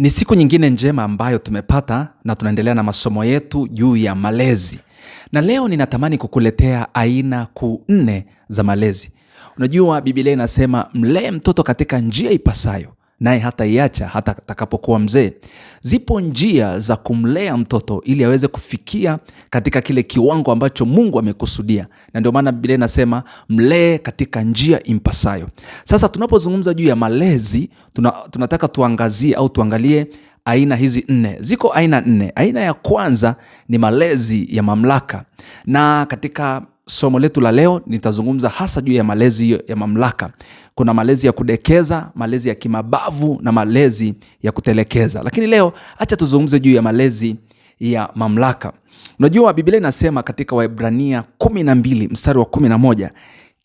Ni siku nyingine njema ambayo tumepata na tunaendelea na masomo yetu juu ya malezi, na leo ninatamani kukuletea aina kuu nne za malezi. Unajua bibilia inasema mlee mtoto katika njia ipasayo, naye hataiacha hata atakapokuwa mzee. Zipo njia za kumlea mtoto ili aweze kufikia katika kile kiwango ambacho Mungu amekusudia, na ndio maana Biblia inasema mlee katika njia impasayo. Sasa tunapozungumza juu ya malezi, tuna, tunataka tuangazie au tuangalie aina hizi nne. Ziko aina nne. Aina ya kwanza ni malezi ya mamlaka, na katika somo letu la leo nitazungumza hasa juu ya malezi ya mamlaka. Kuna malezi ya kudekeza, malezi ya kimabavu na malezi ya kutelekeza, lakini leo acha tuzungumze juu ya malezi ya mamlaka. Unajua Biblia inasema katika Waebrania 12 mstari wa 11,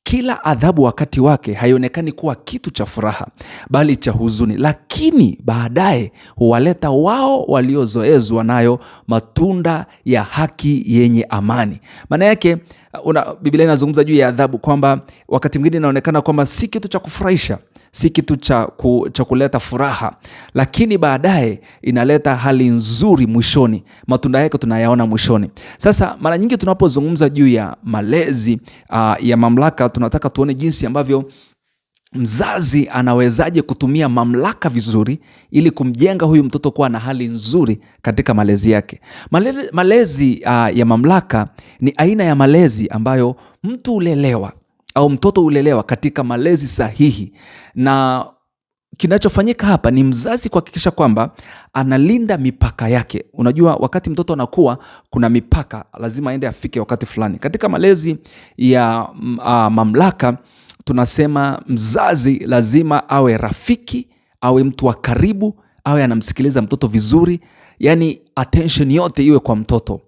kila adhabu wakati wake haionekani kuwa kitu cha furaha, bali cha huzuni, lakini baadaye huwaleta wao waliozoezwa nayo matunda ya haki yenye amani. Maana yake Biblia inazungumza juu ya adhabu kwamba wakati mwingine inaonekana kwamba si kitu cha kufurahisha si kitu cha, ku, cha kuleta furaha, lakini baadaye inaleta hali nzuri mwishoni. Matunda yake tunayaona mwishoni. Sasa mara nyingi tunapozungumza juu ya malezi uh, ya mamlaka, tunataka tuone jinsi ambavyo mzazi anawezaje kutumia mamlaka vizuri ili kumjenga huyu mtoto kuwa na hali nzuri katika malezi yake. Malezi, malezi uh, ya mamlaka ni aina ya malezi ambayo mtu ulelewa au mtoto hulelewa katika malezi sahihi, na kinachofanyika hapa ni mzazi kuhakikisha kwamba analinda mipaka yake. Unajua, wakati mtoto anakuwa, kuna mipaka lazima aende afike wakati fulani. Katika malezi ya uh, mamlaka tunasema mzazi lazima awe rafiki, awe mtu wa karibu, awe anamsikiliza mtoto vizuri, yani attention yote iwe kwa mtoto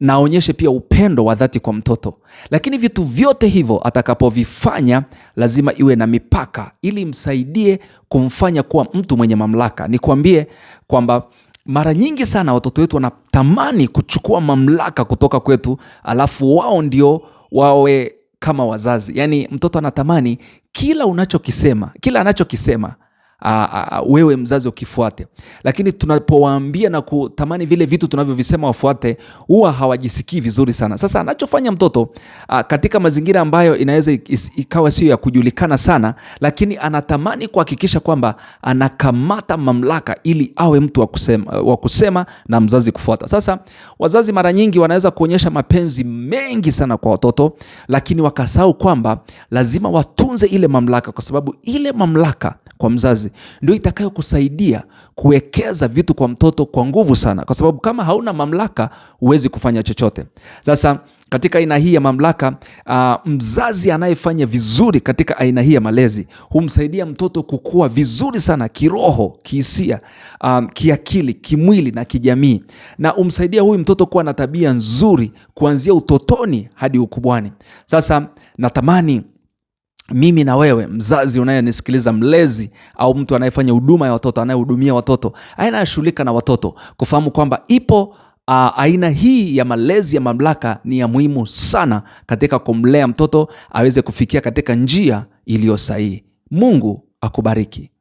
na aonyeshe pia upendo wa dhati kwa mtoto. Lakini vitu vyote hivyo atakapovifanya, lazima iwe na mipaka, ili msaidie kumfanya kuwa mtu mwenye mamlaka. Nikwambie kwamba mara nyingi sana watoto wetu wanatamani kuchukua mamlaka kutoka kwetu, alafu wao ndio wawe kama wazazi. Yaani mtoto anatamani kila unachokisema, kila anachokisema a, wewe mzazi ukifuate. Lakini tunapowaambia na kutamani vile vitu tunavyovisema wafuate, huwa hawajisikii vizuri sana. Sasa anachofanya mtoto a, katika mazingira ambayo inaweza ikawa sio ya kujulikana sana, lakini anatamani kuhakikisha kwamba anakamata mamlaka ili awe mtu wa kusema, wa kusema na mzazi kufuata. Sasa wazazi mara nyingi wanaweza kuonyesha mapenzi mengi sana kwa watoto, lakini wakasahau kwamba lazima watunze ile mamlaka, kwa sababu ile mamlaka kwa mzazi wazazi ndio itakayokusaidia kuwekeza vitu kwa mtoto kwa nguvu sana, kwa sababu kama hauna mamlaka huwezi kufanya chochote. Sasa katika aina hii ya mamlaka uh, mzazi anayefanya vizuri katika aina hii ya malezi humsaidia mtoto kukua vizuri sana kiroho, kihisia, um, kiakili, kimwili na kijamii, na humsaidia huyu mtoto kuwa na tabia nzuri kuanzia utotoni hadi ukubwani. Sasa natamani mimi na wewe mzazi unayenisikiliza, mlezi au mtu anayefanya huduma ya watoto, anayehudumia watoto, anayeshughulika na watoto, kufahamu kwamba ipo Uh, aina hii ya malezi ya mamlaka ni ya muhimu sana katika kumlea mtoto aweze kufikia katika njia iliyo sahihi. Mungu akubariki.